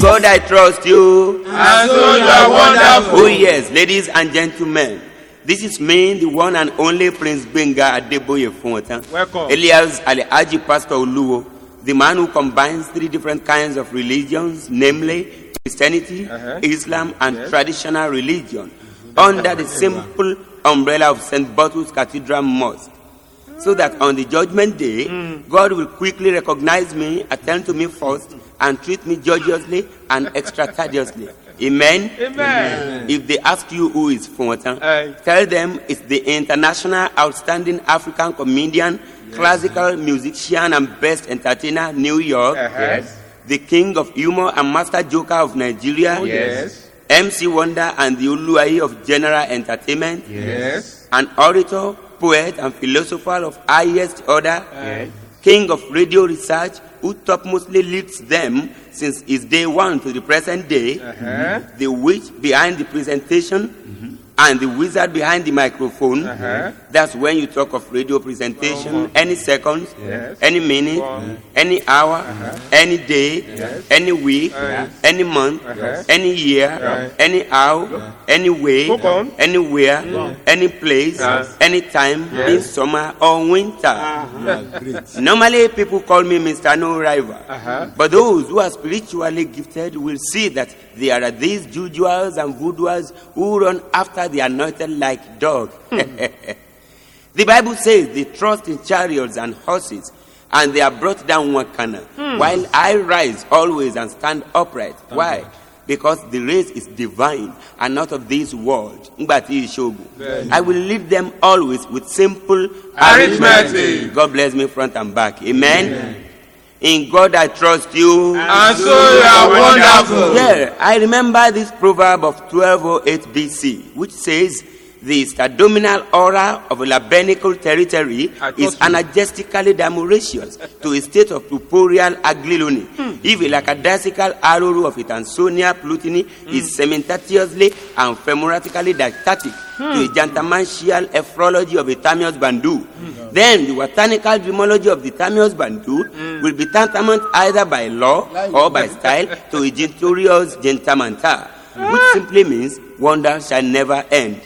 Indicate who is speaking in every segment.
Speaker 1: God I trust you. And so you are wonderful. Oh, yes, ladies and gentlemen. This is me, the one and only Prince Benga Adeboye Fonta. Welcome. Elias Ali Aji Pastor Oluwo, the man who combines three different kinds of religions, namely Christianity, uh-huh. Islam, and yes. traditional religion, under the simple umbrella of St. Bottles Cathedral Mosque so that on the judgment day, mm. God will quickly recognize me, attend to me first, and treat me judiciously and extraordinarily. Amen? Amen? Amen. If they ask you who is Fumotan, uh, tell them it's the international outstanding African comedian, yes. classical musician, and best entertainer, New York. Uh-huh. Yes. The king of humor and master joker of Nigeria. Oh, yes. MC Wonder and the uluway of general entertainment. Yes. An orator poet and philosopher of highest order, yes. king of radio research, who topmostly leads them since his day one to the present day, uh-huh. the witch behind the presentation, mm-hmm. and the wizard behind the microphone, uh-huh. That's when you talk of radio presentation, any seconds, yes. any minute, any hour, uh-huh. any day, yes. any week, any month, uh-huh. any year, any hour, any way, anywhere, any place, any time, in summer or winter. Uh-huh. Normally, people call me Mr. No Rival, uh-huh. but those who are spiritually gifted will see that there are these jujuals and voodooers who run after the anointed like dog. Hmm. The Bible says they trust in chariots and horses, and they are brought down one corner. Hmm. While I rise always and stand upright. Thank Why? God. Because the race is divine and not of this world. I will lead them always with simple arithmetic. God bless me front and back. Amen. Amen. In God I trust you. And, and so you are wonderful. Yeah, I remember this proverb of 1208 BC, which says, the abdominal aura of a labernical territory is anagestically damauratious to a state of purporeal aglilony. Mm. If a lackadaisical arrow of a Tansonia plutini mm. is cementatiously and femoratically dactatic mm. to a gentamantial ephrology of a Tamios bandu, mm. then the botanical dreamology of the Tamios bandu hmm. will be tantamount either by law or by style to a genturios gentamanta, which ah. simply means wonder shall never end.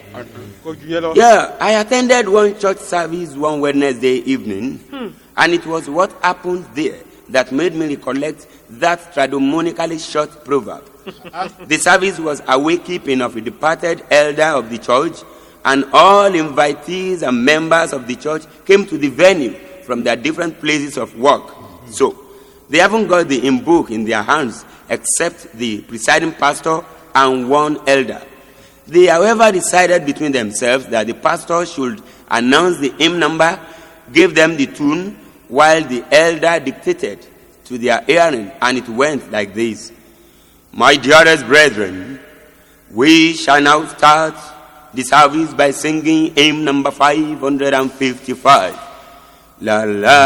Speaker 1: Yeah, I attended one church service one Wednesday evening, hmm. and it was what happened there that made me recollect that trademonically short proverb. the service was a wakekeeping of a departed elder of the church, and all invitees and members of the church came to the venue from their different places of work. Hmm. So, they haven't got the in book in their hands except the presiding pastor and one elder. They, however, decided between themselves that the pastor should announce the hymn number, give them the tune, while the elder dictated to their hearing, and it went like this My dearest brethren, we shall now start the service by singing hymn number 555. La la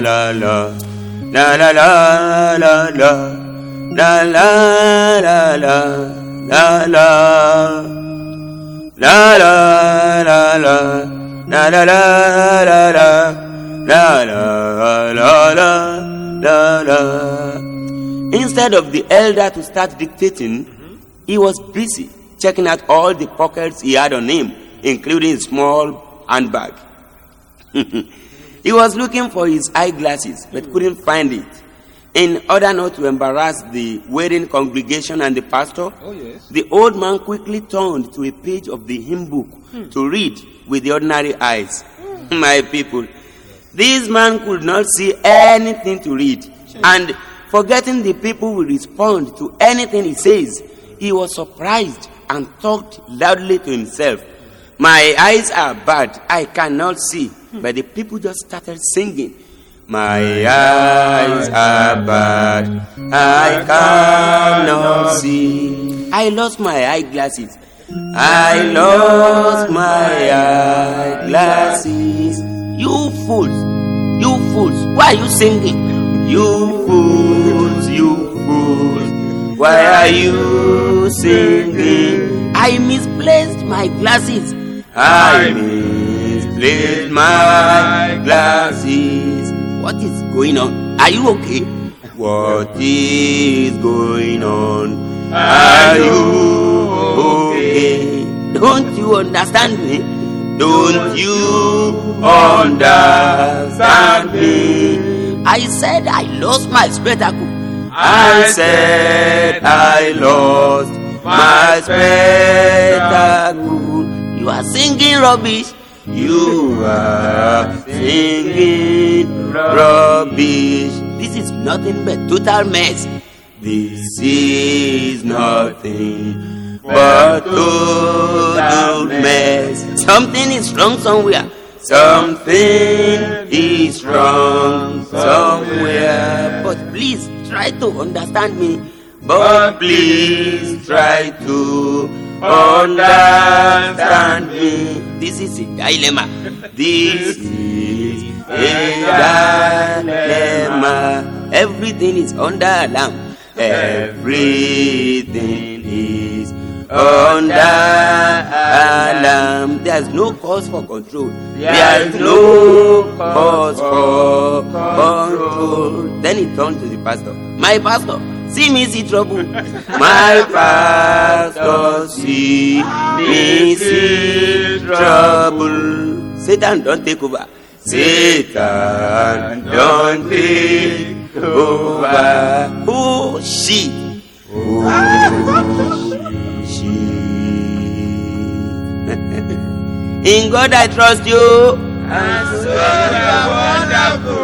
Speaker 1: la la, la la la la la, la la la la la la la la la la la la la la la la la la la la la instead of the elder to start dictating he was busy checking out all the pockets he had on him including his small handbag he was looking for his eyeglasses but couldn't find it in order not to embarrass the wedding congregation and the pastor, oh, yes. the old man quickly turned to a page of the hymn book hmm. to read with the ordinary eyes. Hmm. My people, this man could not see anything to read, and forgetting the people will respond to anything he says, he was surprised and talked loudly to himself. My eyes are bad, I cannot see. Hmm. But the people just started singing my eyes are bad, I cannot see. I lost my eyeglasses. I lost my eyeglasses. You fools, you fools, why are you singing? You fools, you fools, why are you singing? I misplaced my glasses. I misplaced my glasses. What is going on? Are you okay? What is going on? Are you okay? Don't you understand me? Don't you understand me? I said I lost my spectacle. I said I lost my spectacle. You are singing rubbish. You are singing rubbish. This is nothing but total mess. This is nothing but total mess. Something is wrong somewhere. Something is wrong somewhere. But please try to understand me. But please try to understand. This is a dilemma. This is a dilemma. Everything is under alarm. Everything is under alarm. There's no cause for control. There's no cause for control. Then he turned to the pastor. My pastor, see me see trouble. My pastor, see
Speaker 2: me see
Speaker 1: trouble. Satan, don't take over. Satan, don't take over. Who oh, she? Oh, she. In God I trust you. And so are wonderful.